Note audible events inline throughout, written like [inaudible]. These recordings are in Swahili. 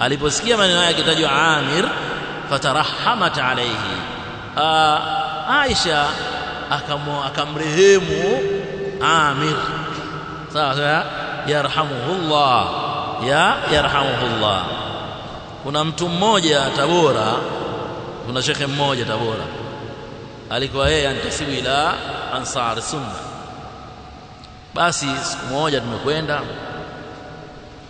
aliposikia maneno haya akitajwa Amir fatarahamat alayhi ah, Aisha akamrehemu Amir sawa sawa yarhamuhullah ya yarhamuhullah kuna mtu mmoja Tabora kuna shekhe mmoja Tabora alikuwa yeye antasibu ila ansar sunna basi siku moja tumekwenda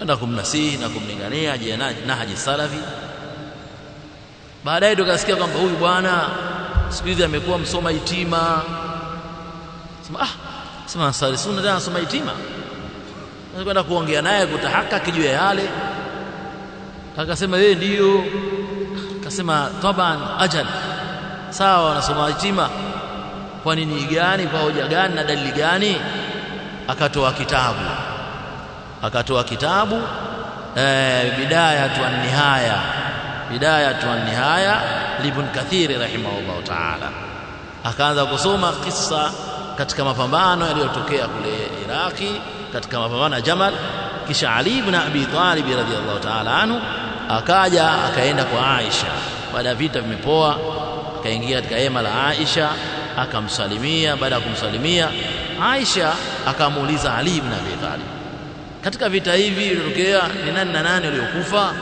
na kumnasihi na kumlingania Nahji Salafi. Baadaye tukasikia kwamba huyu bwana siku hizi amekuwa msoma itima. Sema ah, sema Ansari Sunna tena anasoma itima, kwenda kuongea naye kutahaka kijue ya yale. Akasema yeye ndiyo, akasema taban ajal, sawa, wanasoma itima kwa nini gani, kwa hoja gani na dalili gani? Akatoa kitabu akatoa kitabu eh Bidayatu an-Nihaya, Bidayatu an-Nihaya Ibn Kathiri rahimahullahu taala. Akaanza kusoma kisa katika mapambano yaliyotokea kule Iraki, katika mapambano ya Jamal. Kisha Ali ibn Abi Talib radhiyallahu taala anhu akaja akaenda kwa Aisha baada ya vita vimepoa, akaingia katika hema la Aisha akamsalimia. Baada ya kumsalimia, Aisha akamuuliza Ali ibn Abi Talib katika vita hivi vilitokea ni nani na nani waliokufa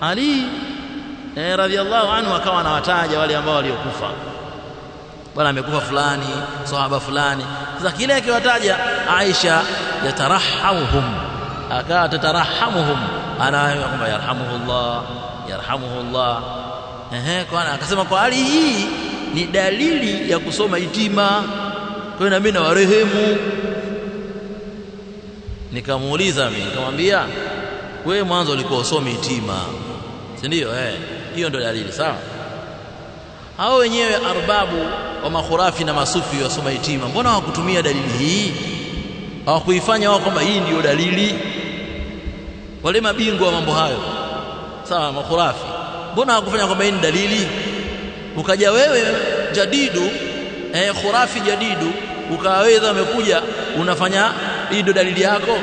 Ali eh, radhiallahu anhu akawa anawataja wale ambao waliokufa bwana amekufa fulani sahaba fulani sasa kile akiwataja Aisha yatarahamuhum akawa tatarahamuhum anaambia kwamba yarhamuhullah Allah. ehe kwa akasema kwa hali hii ni dalili ya kusoma itima kwa hiyo na mimi na warehemu nikamuuliza mimi nikamwambia wewe mwanzo ulikuwa usomi itima si ndio eh hiyo ndio dalili sawa hao wenyewe arbabu wa makhurafi na masufi wasoma itima mbona hawakutumia dalili hii hawakuifanya wao kwamba hii ndiyo dalili wale mabingwa wa mambo hayo sawa makhurafi mbona hawakufanya kwamba hii ni dalili ukaja wewe jadidu eh khurafi jadidu ukaweza umekuja unafanya hii ndio dalili yako?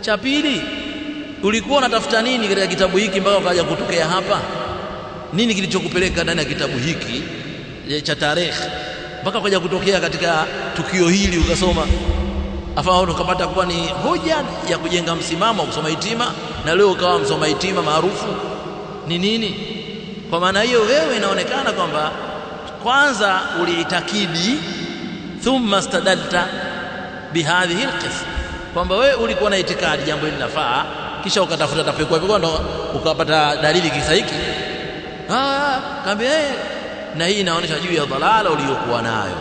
Cha pili, ulikuwa unatafuta nini katika kitabu hiki mpaka ukaja kutokea hapa? Nini kilichokupeleka ndani ya kitabu hiki eh, cha tarehe mpaka ukaja kutokea katika tukio hili ukasoma, afaao ukapata kuwa ni hoja ya kujenga msimamo wa kusoma hitima, na leo ukawa msoma hitima maarufu? Ni nini? Kwa maana hiyo, wewe inaonekana kwamba kwanza uliitakidi, thumma stadalta bihadhihi alqis kwamba wewe ulikuwa na itikadi jambo hili linafaa, kisha ukatafuta tapekua ndo ukapata dalili kisa hiki ah, eh na hii inaonyesha juu ya dalala uliyokuwa nayo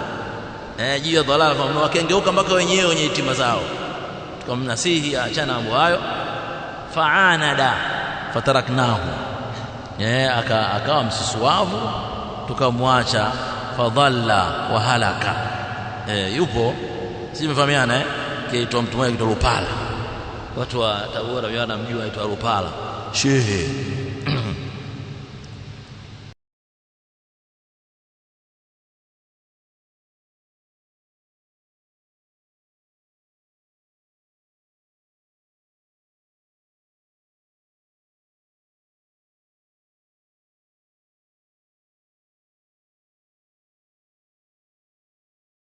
eh, juu ya dhalala wakengeuka mpaka wenyewe wenye itima zao. Tukamnasihi aachana mambo hayo, faanada fataraknahu, eh, akawa aka msusuwavu, tukamwacha fadhalla wahalaka, eh, yupo si mfahamiana eh kiitwa mtu mmoja kiitwa Lupala watu wa Tabora wanamjua aitwa Lupala shehe [clears throat]